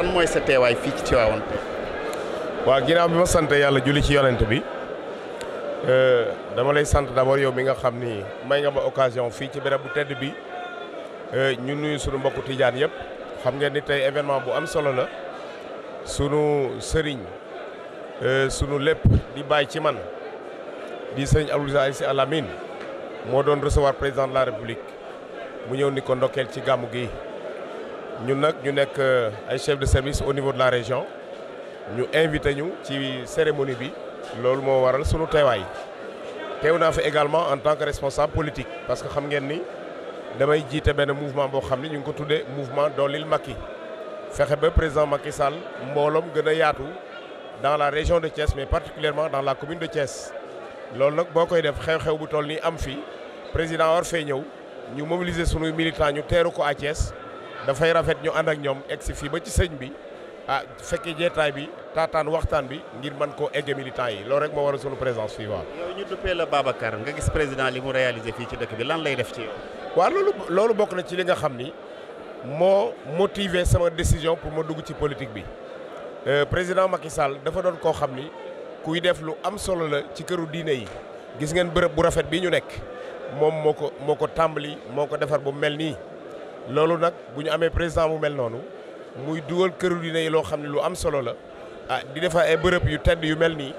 lan mooy sa fii ci Tivaouane. waaw ginnaaw bi ma sant yàlla julli ci yonent bi euh, dama lay sant d'abord yow mi nga xam ni may nga ma occasion fii ci béréb bu tedd bi euh, ñu nuyu sunu mbokku tiijaan yëpp xam ngeen ni tey événement bu am solo la sunu sëriñ euh, sunu lépp di bàyyi ci man di sëriñ Abdoul Aziz Sy Al moo doon recevoir président de la république mu ñëw ni ko ndokkeel ci gàmmu gi. ñun nag ñu nekk euh, ay chef de service au niveau de la région ñu invité ñu ci cérémonie bi loolu moo waral sunu teewaay teew naa fi également en tant que responsable politique parce que xam ngeen ni damay jiite benn mouvement boo xam ni ñu ngi ko tuddee mouvement Doolil Macky fexe ba président Macky Sall mbooloom gën a yaatu dans la région de Thiès mais particulièrement dans la commune de Thiès loolu nag boo koy def xew-xew bu toll nii am fi président war fee ñu mobiliser sunuy militants ñu teeru ko à Thiès dafay rafet ñu ànd ak ñoom egg si fii ba ci sëñ bi ah fekkee jeetaay bi taataan waxtaan bi ngir mën koo egge militant yi loolu rek moo waral sunu présence fii waaw. yow ñu duppee la Babacar nga gis président li mu réalisé fii ci dëkk bi lan lay def ci yow. waaw loolu loolu bokk na ci li nga xam ni moo motiver sama décision pour ma dugg ci politique bi euh, président Macky Sall dafa doon koo xam ni kuy def lu am solo la ci këru diine yi gis ngeen bërëb bu rafet bi ñu nekk moom moo ko moo ko tàmbali moo ko defar bu mel nii. loolu nag bu ñu amee président mu mel noonu muy dugal këru diine yi loo xam ne lu am solo la ah di defar ay bërëb yu tedd yu mel nii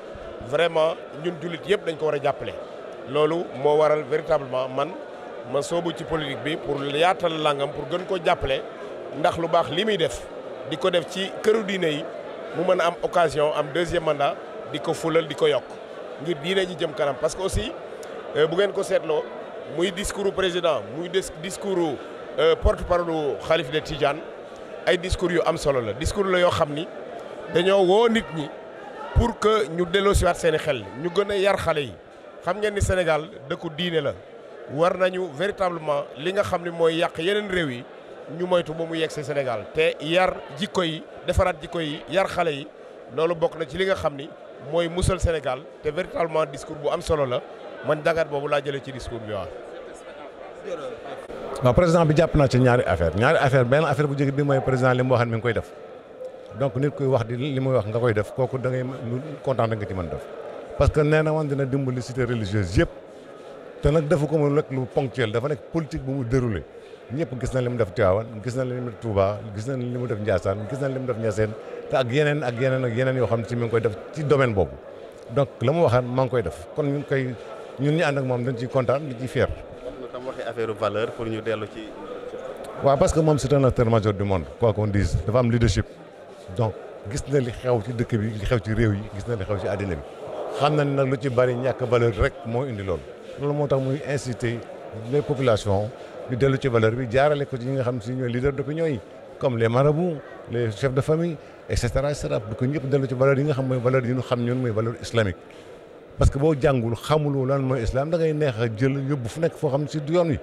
vraiment ñun jullit yëpp dañ ko war a jàppale. loolu moo waral véritablement man ma soobu ci politique bi pour yaatal langam pour gën ko jàppale ndax lu baax li muy def di ko def ci këru diine yi mu mën a am occasion am deuxième manda di ko fulal di ko yokk ngir diine ji jëm kanam parce que aussi euh, bu ngeen ko seetloo muy discours président muy discours. Euh, porte-parole xalif de Tidiane ay discours yu am solo la discours la yoo xam ni dañoo woo nit ñi pour que ñu delloosiwaat seen i xel ñu gën a yar xale yi xam ngeen ni Sénégal dëkku diine la war nañu véritablement li nga xam ni mooy yàq yeneen réew yi ñu moytu ba mu yegg si Sénégal te yar jikko yi defaraat jikko yi yar xale yi loolu bokk na ci li nga xam ni mooy musal Sénégal te véritablement discours bu am solo la man jàngat boobu laa jëlee ci discours bi waaw. waaw président bi jàpp naa ci ñaari affaire ñaari affaire benn affaire bu njëkk bi mooy président li mu waxoon mi koy def donc nit kuy wax di li muy wax nga koy def kooku da ngay kontaan da nga ci mën def parce que na woon ko nekk lu ponctuel dafa nekk bu mu déroulé ñëpp gis na li mu def Tivaouane gis na li mu def Touba gis na li mu def Ndiassane gis na li mu def Niassène te ak yeneen ak yeneen ak yeneen yoo xam ne ci mi ngi koy def ci domaine boobu donc la mu waxaan maa ngi koy def kon ñu ngi koy ñun ñu ànd moom dañ ciy kontaan li ciy fier tam waxee affaire valeur pour ñu dellu ci. waa parce que moom c'est un acteur majeur du monde quoi qu'on dise dafa am leadership donc gis na li xew ci dëkk bi li xew ci réew yi gis na li xew ci àddina bi xam na ne nag lu ci bari ñàkk valeur rek moo indi loolu loolu moo tax muy inciter les populations ñu dellu ci valeur bi jaarale ko ci ñi nga xam si ñooy leader d'opinion yi comme les marabouts les chefs de famille et cetera et cetera pour que ñëpp dellu ci valeur yi parce que boo jàngul xamuloo lan mooy islam da ngay neex a jël yóbbu fu nekk foo xam ne si du yoon wi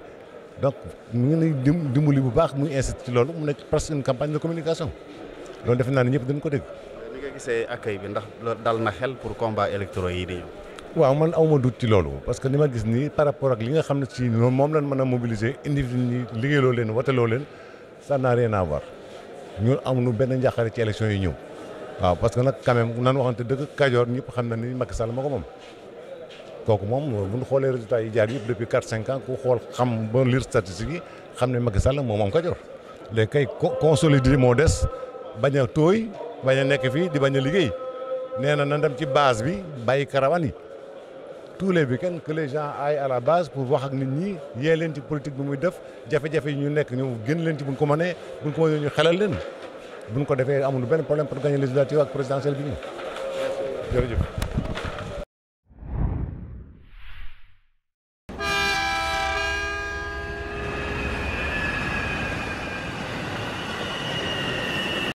donc ñu ngi dimbali bu baax muy incité ci loolu mu nekk presque une campagne de communication loolu defe naa ne ñëpp dañ ko dégg. ni bi ndax dal na xel pour combat électro yi di waaw man awma dut ci loolu parce que ni ma gis nii par rapport ak li nga xam ne ci moom lañ mën a mobiliser individu ñi liggéeyloo leen wateloo leen ça n'a rien à voir ñun amuñu benn njàqare ci élection yi ñëw. waaw parce que nag quand même nan waxante dëgg Kajoor ñëpp xam na ni Macky Sall moo ko kooku moom bu ñu xoolee résultats yi jaar yëpp depuis quatre cinq ans ku xool xam ba lire statistique yi xam ne Macky Sall moo moom Kajoor léegi kay consolider moo des bañ a tooy bañ a nekk fii di bañ a liggéey nee na nan dem ci base bi bàyyi karawaan yi tous les week-ends que les à la base pour wax ak nit ñi yee leen ci politique bi muy def jafe-jafe ñu nekk ñu génn leen ci buñ ko mënee buñ ko ñu xelal leen bu ñu ko defee amul benn problème pour gagner législative ak présidentielle bi nii jërëjëf.